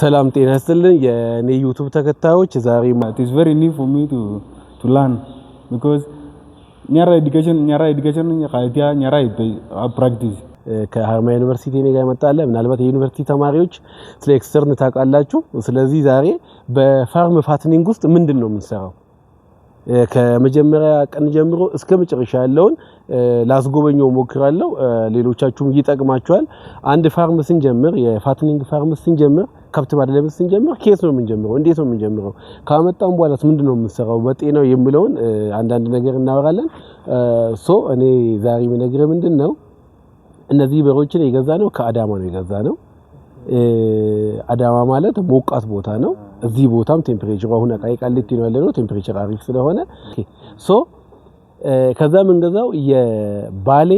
ሰላም ጤና ይስጥልን የኔ ዩቱብ ተከታዮች፣ ዛሬ ማለት ኢዝ ቬሪ ኒው ፎር ሚ ቱ ቱ ላርን ቢኮዝ ኛራ ኤዱኬሽን ኛራ ኤዱኬሽን ቃይቲያ ኛራ ፕራክቲስ ከሀርማያ ዩኒቨርሲቲ እኔ ጋር መጣለ። ምናልባት የዩኒቨርሲቲ ተማሪዎች ስለ ኤክስተርን ታውቃላችሁ። ስለዚህ ዛሬ በፋርም ፋትኒንግ ውስጥ ምንድን ነው የምንሰራው ከመጀመሪያ ቀን ጀምሮ እስከ መጨረሻ ያለውን ላስጎበኘው ሞክራለሁ። ሌሎቻችሁም ይጠቅማችኋል። አንድ ፋርም ስንጀምር የፋትኒንግ ፋርም ስንጀምር ከብት ማድለብ ስንጀምር ኬስ ነው የምንጀምረው፣ እንዴት ነው የምንጀምረው፣ ካመጣም በኋላስ ምንድን ነው የምንሰራው፣ በጤናው የሚለውን አንዳንድ ነገር እናወራለን። ሶ እኔ ዛሬ የምነግርህ ምንድን ነው እነዚህ በሮችን የገዛ ነው ከአዳማ ነው የገዛ ነው። አዳማ ማለት ሞቃት ቦታ ነው። እዚህ ቦታም ቴምፕሬቸሩ አሁን አቃቂ ቃሊቲ ነው ያለነው ቴምፕሬቸር አሪፍ ስለሆነ ሶ ከዛ የምንገዛው የባሌ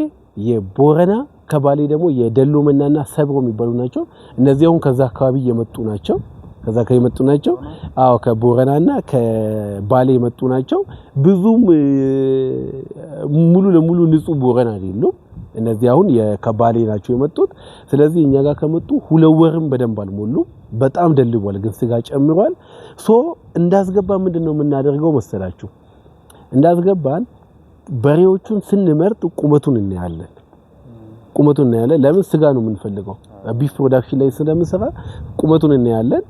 የቦረና ከባሌ ደግሞ የደሎመናና ሰብሮ የሚባሉ ናቸው። እነዚህ አሁን ከዛ አካባቢ የመጡ ናቸው። ከዛ አካባቢ የመጡ ናቸው። አዎ ከቦረናና ከባሌ የመጡ ናቸው። ብዙም ሙሉ ለሙሉ ንጹህ ቦረና አይደሉም። እነዚህ አሁን ከባሌ ናቸው የመጡት። ስለዚህ እኛ ጋር ከመጡ ሁለት ወርም በደንብ አልሞሉም። በጣም ደልቧል፣ ግን ስጋ ጨምሯል። ሶ እንዳስገባ ምንድን ነው የምናደርገው መሰላችሁ? እንዳስገባን በሬዎቹን ስንመርጥ ቁመቱን እናያለን። ቁመቱን እናያለን። ለምን ስጋ ነው የምንፈልገው? ቢፍ ፕሮዳክሽን ላይ ስለምንሰራ ቁመቱን እናያለን።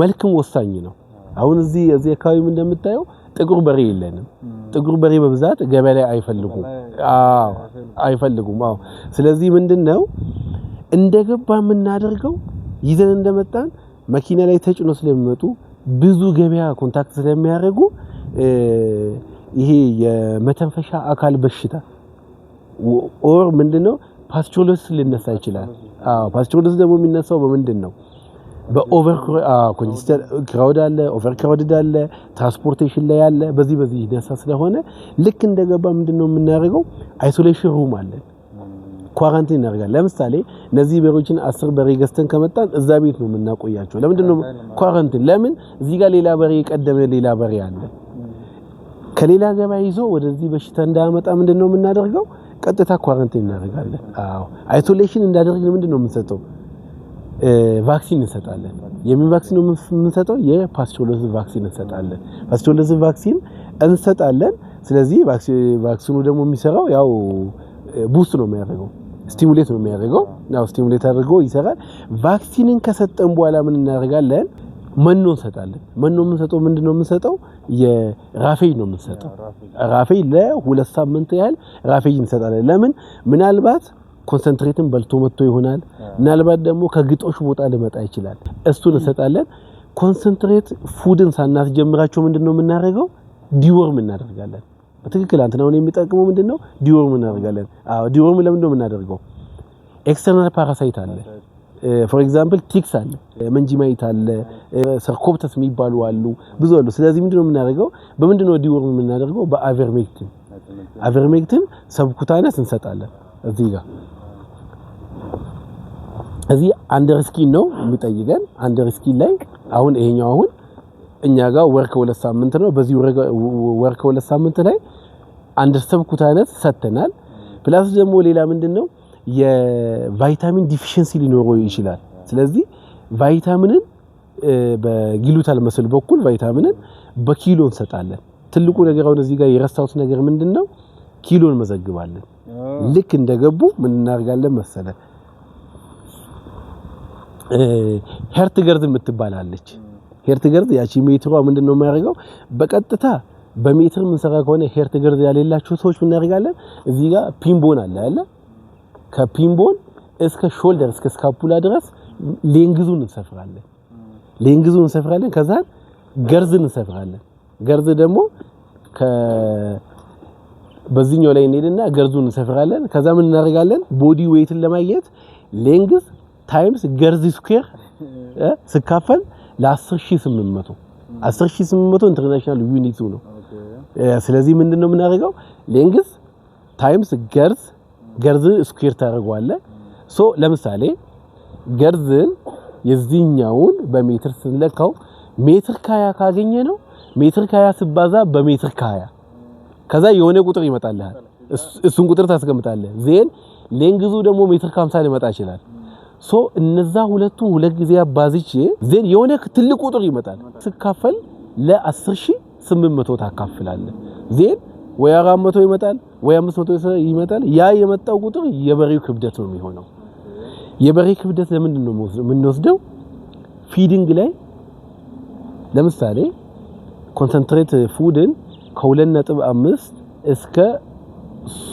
መልክም ወሳኝ ነው። አሁን እዚህ እዚህ አካባቢም እንደምታየው ጥቁር በሬ የለንም። ጥቁር በሬ በብዛት ገበያ ላይ አይፈልጉም። አዎ አይፈልጉም። አዎ ስለዚህ ምንድነው እንደገባ የምናደርገው ይዘን እንደመጣን መኪና ላይ ተጭኖ ስለሚመጡ ብዙ ገበያ ኮንታክት ስለሚያደርጉ ይሄ የመተንፈሻ አካል በሽታ ኦር ምንድነው ፓስቾሎስ ሊነሳ ይችላል። አዎ ፓስቾሎስ ደግሞ የሚነሳው በምንድን ነው? በኦቨር ክራውድ አለ፣ ኦቨር ክራውድ አለ፣ ትራንስፖርቴሽን ላይ አለ። በዚህ በዚህ ይነሳ ስለሆነ ልክ እንደገባ ምንድነው የምናደርገው? አይሶሌሽን ሩም አለ ኳራንቲን እናደርጋለን። ለምሳሌ እነዚህ በሬዎችን አስር በሬ ገዝተን ከመጣን እዛ ቤት ነው የምናቆያቸው። ለምንድን ነው ኳራንቲን? ለምን እዚህ ጋር ሌላ በሬ የቀደመ ሌላ በሬ አለ ከሌላ ገበያ ይዞ ወደዚህ በሽታ እንዳያመጣ ምንድን ነው የምናደርገው? ቀጥታ ኳረንቲን እናደርጋለን። አዎ አይሶሌሽን እንዳደርግ ምንድን ነው የምንሰጠው? ቫክሲን እንሰጣለን። የምን ቫክሲን ነው የምንሰጠው? የፓስቾሎዝ ቫክሲን እንሰጣለን። ፓስቾሎዝ ቫክሲን እንሰጣለን። ስለዚህ ቫክሲኑ ደግሞ የሚሰራው ያው ቡስት ነው የሚያደርገው ስቲሙሌት ነው የሚያደርገው። ያው ስቲሙሌት አድርጎ ይሰራል። ቫክሲንን ከሰጠን በኋላ ምን እናደርጋለን? መኖ እንሰጣለን። መኖ የምንሰጠው ምንድነው የምንሰጠው? የራፌይ ነው የምንሰጠው። ራፌይ ለሁለት ሳምንት ያህል ራፌይ እንሰጣለን። ለምን ምናልባት ኮንሰንትሬትን በልቶ መጥቶ ይሆናል። ምናልባት ደግሞ ከግጦሽ ቦታ ሊመጣ ይችላል። እሱን እንሰጣለን። ኮንሰንትሬት ፉድን ሳናስጀምራቸው ምንድነው የምናደርገው? ዲወርም እናደርጋለን። በትክክል አንተ ነው የሚጠቅመው ምንድነው? ዲወርም እናደርጋለን። አዎ ዲወርም ለምንድነው የምናደርገው? ኤክስተርናል ፓራሳይት አለ ፎር ኤግዛምፕል ቲክስ አለ፣ መንጂማይት አለ፣ ሰርኮፕተስ የሚባሉ አሉ፣ ብዙ አሉ። ስለዚህ ምንድነው የምናደርገው? በምንድነው ዲወርም የምናደርገው? በአቨርሜክቲን አቨርሜክቲን ሰብኩታነስ እንሰጣለን። እዚህ ጋር እዚህ አንደር ስኪን ነው የሚጠይቀን። አንደር ስኪን ላይ አሁን ይሄኛው አሁን እኛ ጋር ወርክ ከሁለት ሳምንት ነው። በዚህ ወርክ ከሁለት ሳምንት ላይ አንድ ሰብኩታነስ ሰጥተናል። ፕላስ ደግሞ ሌላ ምንድነው የቫይታሚን ዲፊሽንሲ ሊኖረው ይችላል። ስለዚህ ቫይታሚንን በጊሉታል መስል በኩል ቫይታሚንን በኪሎ እንሰጣለን። ትልቁ ነገር አሁን እዚህ ጋር የረሳሁት ነገር ምንድን ነው? ኪሎ እንመዘግባለን። ልክ እንደገቡ ምን እናደርጋለን መሰለ ሄርትገርዝ የምትባላለች ሄርትገርዝ ያቺ ሜትሯ ምንድን ነው የሚያደርገው በቀጥታ በሜትር የምንሰራ ከሆነ ሄርትገርዝ ያሌላችሁ ሰዎች ምን እናደርጋለን? እዚህ ጋር ፒምቦን አለ ያለ ከፒንቦል እስከ ሾልደር እስከ ስካፑላ ድረስ ሌንግዙን እንሰፍራለን። ሌንግዙን እንሰፍራለን። ከዛ ገርዝን እንሰፍራለን። ገርዝ ደግሞ ከ በዚህኛው ላይ እንሄድና ገርዙን እንሰፍራለን። ከዛ ምን እናደርጋለን? ቦዲ ዌይትን ለማግኘት ሌንግዝ ታይምስ ገርዝ ስኩዌር ስካፈል ለ10800 10800 ኢንተርናሽናል ዩኒቱ ነው። ስለዚህ ምንድነው የምናደርገው? ሌንግዝ ታይምስ ገርዝ ገርዝ ስኩዌር ታደርገዋለህ። ሶ ለምሳሌ ገርዝን የዚህኛውን በሜትር ስንለካው ሜትር ካያ ካገኘ ነው ሜትር ካያ ስባዛ በሜትር ካያ ከዛ የሆነ ቁጥር ይመጣልሃል። እሱን ቁጥር ታስቀምጣለህ። ዜን ሌንግዙ ደግሞ ሜትር ከሀምሳ ሊመጣ ይችላል። ሶ እነዛ ሁለቱ ሁለት ጊዜ አባዝቼ ዜን የሆነ ትልቅ ቁጥር ይመጣል። ስካፈል ለ10800 ታካፍላለህ ዜን ወይ 400 መቶ ይመጣል ወይ 500 ይመጣል። ያ የመጣው ቁጥር የበሬው ክብደት ነው የሚሆነው። የበሬ ክብደት ለምንድን ነው የምንወስደው? ፊዲንግ ላይ ለምሳሌ ኮንሰንትሬት ፉድን ከ2.5 እስከ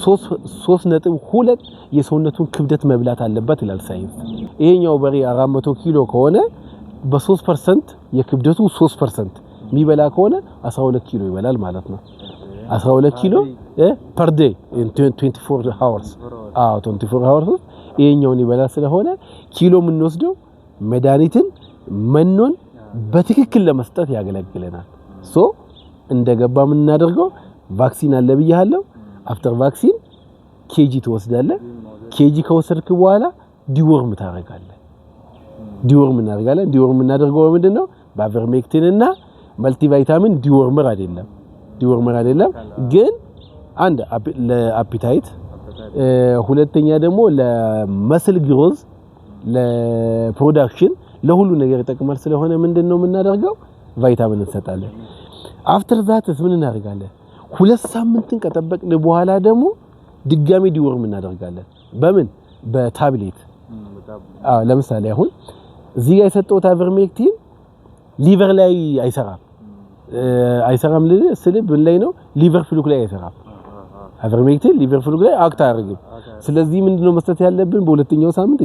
3.2 የሰውነቱን ክብደት መብላት አለበት ይላል ሳይንስ። ይሄኛው በሬ 400 ኪሎ ከሆነ በ3% የክብደቱ 3% የሚበላ ከሆነ 12 ኪሎ ይበላል ማለት ነው። 12 ኪሎ ፐር ዴይ 24 ሃወርስ። አዎ 24 ሃወርስ ይሄኛውን ይበላ ስለሆነ ኪሎ የምንወስደው መድኃኒትን መኖን በትክክል ለመስጠት ያገለግለናል። ሶ እንደገባ የምናደርገው ቫክሲን አለ ብያለሁ። አፍተር ቫክሲን ኬጂ ትወስዳለህ። ኬጂ ከወሰድክ በኋላ ዲወርም ታደርጋለህ። ዲወርም እናደርጋለን። ዲወርም እናደርገው ምንድን ነው? ባቨርሜክቲን እና መልቲቫይታሚን ዲወርመር አይደለም ዲወርመር አይደለም ግን አንድ ለአፒታይት፣ ሁለተኛ ደግሞ ለመስል ግሮዝ፣ ለፕሮዳክሽን፣ ለሁሉ ነገር ይጠቅማል። ስለሆነ ምንድን ነው የምናደርገው? ቫይታሚን እንሰጣለን። አፍተር ዛትስ ምን እናደርጋለን? ሁለት ሳምንትን ከጠበቅን በኋላ ደግሞ ድጋሚ ዲወርም እናደርጋለን። በምን በታብሌት አዎ። ለምሳሌ አሁን እዚህ ጋር የሰጠው ታቨርሜክቲን ሊቨር ላይ አይሰራም። አይሰራም ስል ምን ላይ ነው ሊቨርፑል ላይ አይሰራም። አቨርሜክቲን ሊቨርፑል ላይ አክት አያደርግም። ስለዚህ ምንድነው መስጠት ያለብን? በሁለተኛው ሳምንት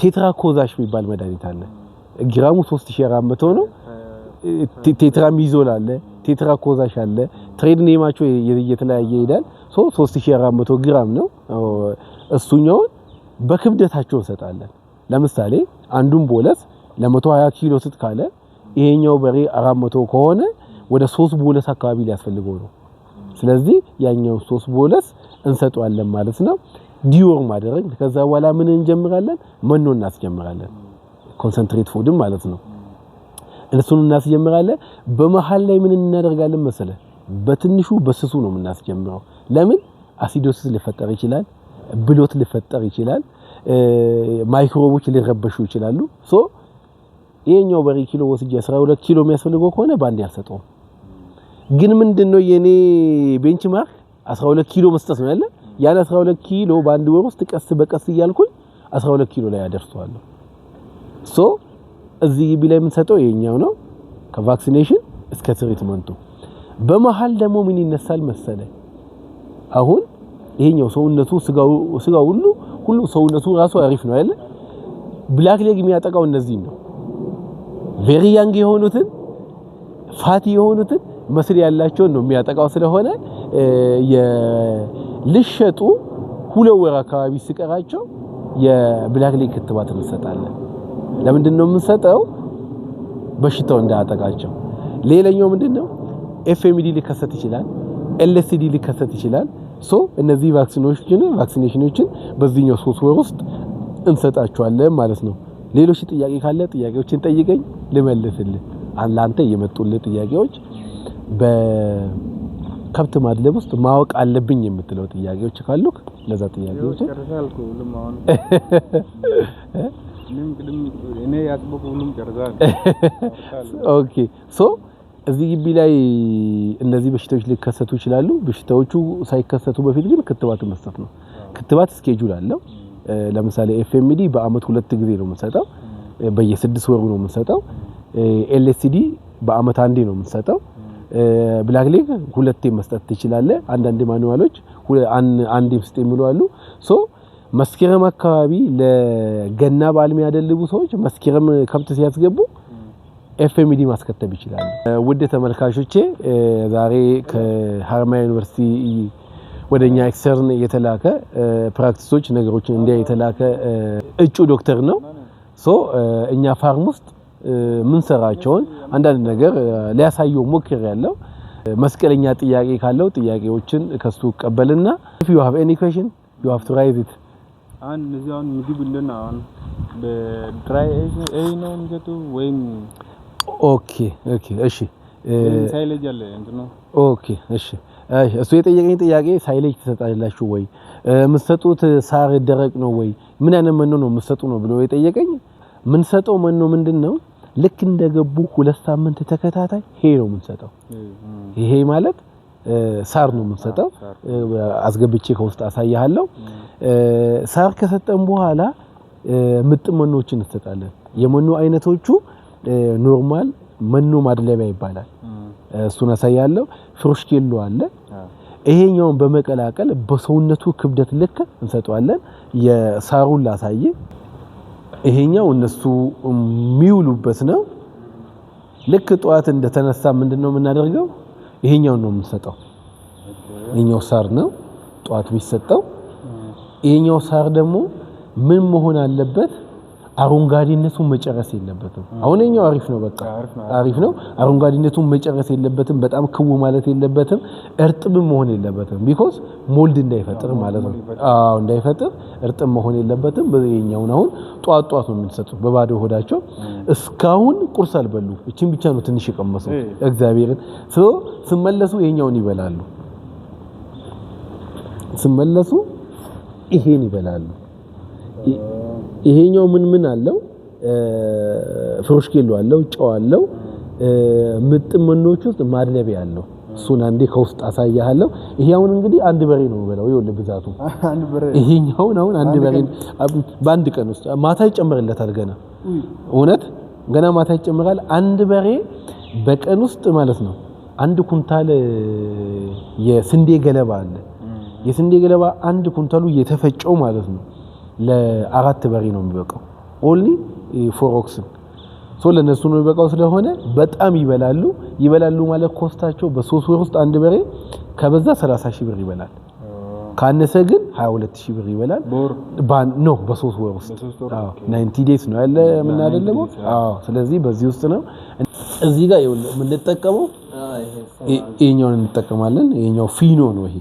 ቴትራ ኮዛሽ የሚባል መድኃኒት አለ። ግራሙ 3400 ነው። ቴትራ ሚዞል አለ፣ ቴትራ ኮዛሽ አለ። ትሬድ ኔማቸው የተለያየ ይሄዳል። ሶ 3400 ግራም ነው እሱኛውን በክብደታቸው እንሰጣለን። ለምሳሌ አንዱን ቦለስ ለ120 ኪሎ ስጥ ካለ ይሄኛው በሬ 400 ከሆነ ወደ 3 ቦለስ አካባቢ ሊያስፈልገው ነው። ስለዚህ ያኛው 3 ቦለስ እንሰጠዋለን ማለት ነው። ዲዮር ማደረግ ከዛ በኋላ ምን እንጀምራለን? መኖ እናስጀምራለን። ኮንሰንትሬት ፉድም ማለት ነው። እሱን እናስጀምራለን። በመሃል ላይ ምን እናደርጋለን መሰለ? በትንሹ በስሱ ነው የምናስጀምረው። ለምን አሲዶሲስ ሊፈጠር ይችላል፣ ብሎት ሊፈጠር ይችላል፣ ማይክሮቦች ሊረበሹ ይችላሉ። ሶ ይሄኛው በሬ ኪሎ ወስጄ 12 ኪሎ የሚያስፈልገው ከሆነ ባንድ አልሰጠውም። ግን ምንድነው የኔ ቤንችማርክ 12 ኪሎ መስጠት ነው ያለ። ያን 12 ኪሎ በአንድ ወር ውስጥ ቀስ በቀስ እያልኩኝ 12 ኪሎ ላይ አደርሰዋለሁ። ሶ እዚህ ግቢ ላይ የምንሰጠው ይሄኛው ነው ከቫክሲኔሽን እስከ ትሪትመንቱ። በመሃል ደግሞ ምን ይነሳል መሰለ አሁን ይሄኛው ሰውነቱ ስጋው ስጋው ሁሉ ሁሉ ሰውነቱ ራሱ አሪፍ ነው ያለ ብላክ ሌግ የሚያጠቃው እነዚህ ነው ቬሪ ያንግ የሆኑትን ፋቲ የሆኑትን መስል ያላቸውን ነው የሚያጠቃው። ስለሆነ ልሸጡ ሁለት ወር አካባቢ ሲቀራቸው የብላክ ሌግ ክትባት እንሰጣለን። ለምንድን ነው የምንሰጠው? በሽታው እንዳያጠቃቸው። ሌላኛው ምንድን ነው ኤፍኤምዲ ሊከሰት ይችላል፣ ኤልኤስዲ ሊከሰት ይችላል። ሶ እነዚህ ቫክሲኖችን ቫክሲኔሽኖችን በዚህኛው ሶስት ወር ውስጥ እንሰጣቸዋለን ማለት ነው። ሌሎች ጥያቄ ካለ ጥያቄዎችን ጠይቀኝ ልመልስልህ። ለአንተ የመጡልህ ጥያቄዎች በከብት ማድለብ ውስጥ ማወቅ አለብኝ የምትለው ጥያቄዎች ካሉክ ለዛ ጥያቄዎች ኦኬ ሶ እዚህ ግቢ ላይ እነዚህ በሽታዎች ሊከሰቱ ይችላሉ። በሽታዎቹ ሳይከሰቱ በፊት ግን ክትባት መስጠት ነው። ክትባት እስኬጁል አለው። ለምሳሌ ኤፍኤምዲ በአመት ሁለት ጊዜ ነው የምንሰጠው፣ በየስድስት ወሩ ነው የምንሰጠው። ኤልኤስዲ በአመት አንዴ ነው የምንሰጠው። ብላክ ሌክ ሁለቴ መስጠት ትችላለህ። አንዳንድ ማኑዋሎች አንዴ ምስጥ የሚሉ አሉ። ሶ መስከረም አካባቢ ለገና በዓል የሚያደልቡ ሰዎች መስከረም ከብት ሲያስገቡ ኤፍኤምዲ ማስከተብ ይችላሉ። ውድ ተመልካቾቼ ዛሬ ከሀረማያ ዩኒቨርሲቲ ወደኛ ኤክስተርን የተላከ ፕራክቲሶች ነገሮችን እንዲያ የተላከ እጩ ዶክተር ነው። ሶ እኛ ፋርም ውስጥ ምንሰራቸውን አንዳንድ ነገር ሊያሳየው ሞክር ያለው መስቀለኛ ጥያቄ ካለው ጥያቄዎችን ከሱ ቀበልና if you have any question you have to write it አንድ እዚያውን ምግብ እንደና በድራይ ኤጅ ነው የሚሰጡ ወይም ኦኬ ኦኬ እሺ ሳይሌጅ አለ እንትን ኦኬ እሺ፣ እሱ የጠየቀኝ ጥያቄ ሳይሌጅ ትሰጣላችሁ ወይ? የምትሰጡት ሳር ደረቅ ነው ወይ? ምን አይነት መኖ ነው የምትሰጡ ነው ብሎ የጠየቀኝ። የምንሰጠው መኖ ምንድን ነው? ልክ እንደገቡ ሁለት ሳምንት ተከታታይ ይሄ ነው የምንሰጠው። ይሄ ማለት ሳር ነው የምንሰጠው። አስገብቼ ከውስጥ አሳያለሁ። ሳር ከሰጠን በኋላ ምጥን መኖችን እንሰጣለን። የመኖ አይነቶቹ ኖርማል መኖ ማድለቢያ ይባላል። እሱን አሳያለሁ። ኪሎ አለ። ይሄኛውን በመቀላቀል በሰውነቱ ክብደት ልክ እንሰጠዋለን። የሳሩን ላሳይ። ይሄኛው እነሱ የሚውሉበት ነው። ልክ ጠዋት እንደተነሳ ምንድነው የምናደርገው? ይሄኛውን ነው የምንሰጠው። ይሄኛው ሳር ነው ጠዋት የሚሰጠው። ይሄኛው ሳር ደግሞ ምን መሆን አለበት? አረንጓዴነቱ መጨረስ የለበትም። አሁንኛው አሪፍ ነው፣ በቃ አሪፍ ነው። አረንጓዴነቱ መጨረስ የለበትም፣ በጣም ክው ማለት የለበትም፣ እርጥብ መሆን የለበትም። ቢኮዝ ሞልድ እንዳይፈጥር ማለት ነው። አዎ እንዳይፈጥር እርጥብ መሆን የለበትም። በዚህኛውን አሁን ጧት ጧት ነው የምንሰጡት፣ በባዶ ሆዳቸው እስካሁን ቁርስ አልበሉ። እቺን ብቻ ነው ትንሽ የቀመሱ እግዚአብሔርን። ስመለሱ የኛውን ይበላሉ፣ ስመለሱ ይሄን ይበላሉ። ይሄኛው ምን ምን አለው? ፍሮሽኬሎ አለው፣ ጨው አለው፣ ምጥን መኖች ውስጥ ማድለቢያ አለው። እሱን አንዴ ከውስጥ አሳያለሁ። ይሄ አሁን እንግዲህ አንድ በሬ ነው በለው። ይኸውልህ ብዛቱ ይሄኛውን አሁን አንድ በሬ በአንድ ቀን ውስጥ ማታ ይጨምርለታል ገና እውነት ገና ማታ ይጨምራል። አንድ በሬ በቀን ውስጥ ማለት ነው አንድ ኩንታል የስንዴ ገለባ አለ። የስንዴ ገለባ አንድ ኩንታሉ የተፈጨው ማለት ነው ለአራት በሬ ነው የሚበቃው። ኦንሊ ኦክስን ሶ ለነሱ ነው የሚበቃው። ስለሆነ በጣም ይበላሉ። ይበላሉ ማለት ኮስታቸው በሶስት ወር ውስጥ አንድ በሬ ከበዛ 30 ሺህ ብር ይበላል። ካነሰ ግን 22 ሺህ ብር ይበላል። ባን ነው በሶስት ወር ውስጥ አዎ፣ 90 ዴይስ ነው ያለ ምን አይደለም። አዎ፣ ስለዚህ በዚህ ውስጥ ነው እዚህ ጋር የምንጠቀመው ይሄኛውን እንጠቀማለን። ይሄኛው ፊኖ ነው። ይሄ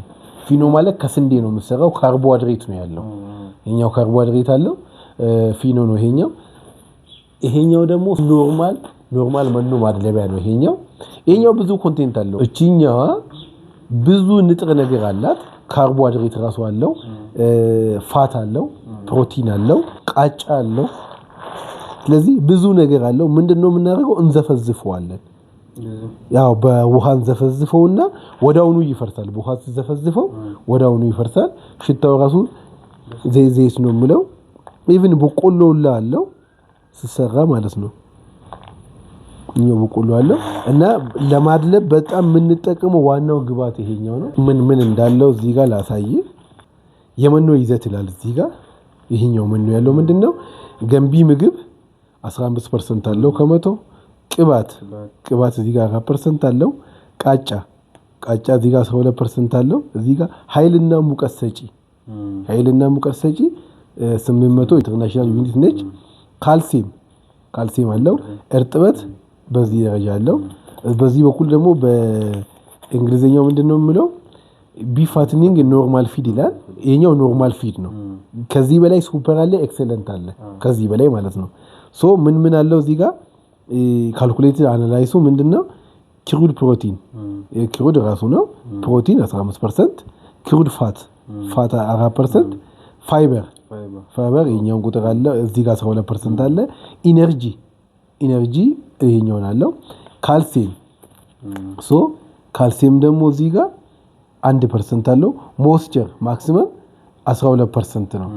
ፊኖ ማለት ከስንዴ ነው የምሰራው፣ ካርቦሃይድሬት ነው ያለው ይሄኛው ካርቦሃይድሬት አለው ፊኖ ነው ይሄኛው። ይሄኛው ደግሞ ኖርማል ኖርማል መኖ ማድለቢያ ነው ይሄኛው። ይሄኛው ብዙ ኮንቴንት አለው። እቺኛዋ ብዙ ንጥረ ነገር አላት። ካርቦሃይድሬት ራሱ አለው፣ ፋት አለው፣ ፕሮቲን አለው፣ ቃጫ አለው። ስለዚህ ብዙ ነገር አለው። ምንድን ነው የምናደርገው? እንዘፈዝፈዋለን። ያው በውሃ እንዘፈዝፈውና ወዳውኑ ይፈርሳል። በውሃ ዘፈዝፈው ወዳውኑ ይፈርሳል። ሽታው ራሱ ዘይት ዘይት ነው የምለው። ኢቭን በቆሎ ሁላ አለው ስሰራ ማለት ነው። እኛው በቆሎ አለው እና ለማድለብ በጣም የምንጠቀመው ዋናው ግብዓት ይሄኛው ነው። ምን ምን እንዳለው እዚህ ጋር ላሳይ። የመኖ ይዘት ይላል እዚህ ጋር። ይሄኛው መኖ ያለው ምንድን ነው? ገንቢ ምግብ 15 ፐርሰንት አለው ከመቶ ቅባት ቅባት እዚህ ጋር 4 ፐርሰንት አለው። ቃጫ ቃጫ እዚህ ጋር 12 ፐርሰንት አለው። እዚህ ጋር ኃይልና ሙቀት ሰጪ ኃይልና ሙቀት ሰጪ 800 ኢንተርናሽናል ዩኒት ነች። ካልሲየም ካልሲየም አለው። እርጥበት በዚህ ደረጃ አለው። በዚህ በኩል ደግሞ በእንግሊዝኛው ምንድን ነው የምለው ቢፋትኒንግ ኖርማል ፊድ ይላል። ይሄኛው ኖርማል ፊድ ነው። ከዚህ በላይ ሱፐር አለ፣ ኤክሰለንት አለ። ከዚህ በላይ ማለት ነው። ሶ ምን ምን አለው እዚህ ጋር ካልኩሌት አናላይሱ ምንድን ነው? ክሩድ ፕሮቲን ክሩድ ራሱ ነው። ፕሮቲን 15 ፐርሰንት ክሩድ ፋት ፋታ አራት ፐርሰንት ፋይበር ፋይበር ይሄኛውን ቁጥር አለ እዚህ ጋር አስራ ሁለት ፐርሰንት አለ። ኢነርጂ ኢነርጂ ይሄኛውን አለው። ካልሲየም ሶ ካልሲየም ደግሞ እዚህ ጋር አንድ ፐርሰንት አለው። ሞስቸር ማክሲመም 12 ፐርሰንት ነው።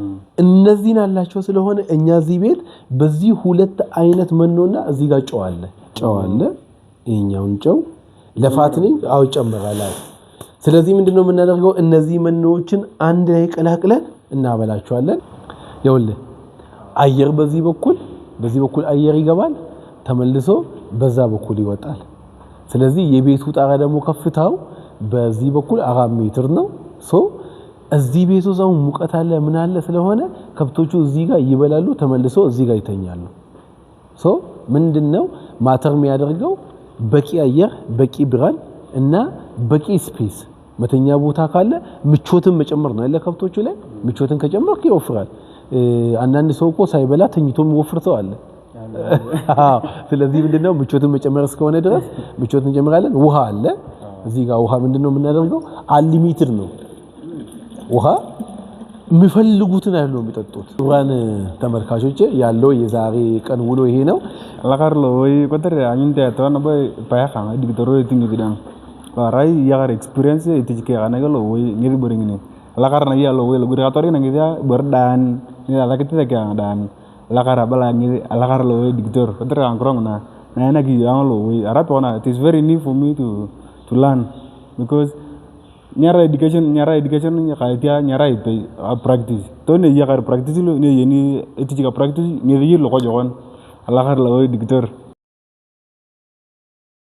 እነዚህን አላቸው። ስለሆነ እኛ እዚህ ቤት በዚህ ሁለት አይነት መኖና እዚህ ጋር ጨው አለ ጨው አለ። ይሄኛውን ጨው ለፋትኒ አው ስለዚህ ምንድነው የምናደርገው? እነዚህ መኖዎችን አንድ ላይ ቀላቅለን እናበላቸዋለን። ይኸውልህ አየር በዚህ በኩል በዚህ በኩል አየር ይገባል፣ ተመልሶ በዛ በኩል ይወጣል። ስለዚህ የቤቱ ጣራ ደግሞ ከፍታው በዚህ በኩል አራት ሜትር ነው። ሶ እዚህ ቤቱ ዛው አሁን ሙቀት አለ ምን አለ ስለሆነ ከብቶቹ እዚህ ጋር ይበላሉ፣ ተመልሶ እዚህ ጋር ይተኛሉ። ሶ ምንድነው ማተር የሚያደርገው? በቂ አየር በቂ ብርሃን እና በቂ ስፔስ መተኛ ቦታ ካለ ምቾትን መጨመር ነው ያለ ከብቶቹ ላይ ምቾትን ከጨመርክ ይወፍራል። አንዳንድ ሰው እኮ ሳይበላ ተኝቶ የሚወፍር ሰው አለ። ስለዚህ ምንድነው ምቾትን መጨመር እስከሆነ ድረስ ምቾትን እንጨምራለን። ውሃ አለ እዚህ ጋር ውሃ ምንድነው የምናደርገው? አሊሚትድ ነው ውሃ የሚፈልጉትን ያህል ነው የሚጠጡት። ራን ተመልካቾች ያለው የዛሬ ቀን ውሎ ይሄ ነው። rai ya kar experience itijike kana ke lowoi ngesi ibore ngine alakara ini nanti ya berdan. Ini ada kita lagi nah. nah, iya, yang dan. Lakar apa lagi? Lakar lo woi diktur, kotere angakiro kurang na inak lo woi. arai tokona it is very new for me to to learn because nyara education nyara education ya dia nyara itu a ah, practice to nih iyakar practice lo ini ini itu jika practice kau jangan. Lakar lo woi diktur.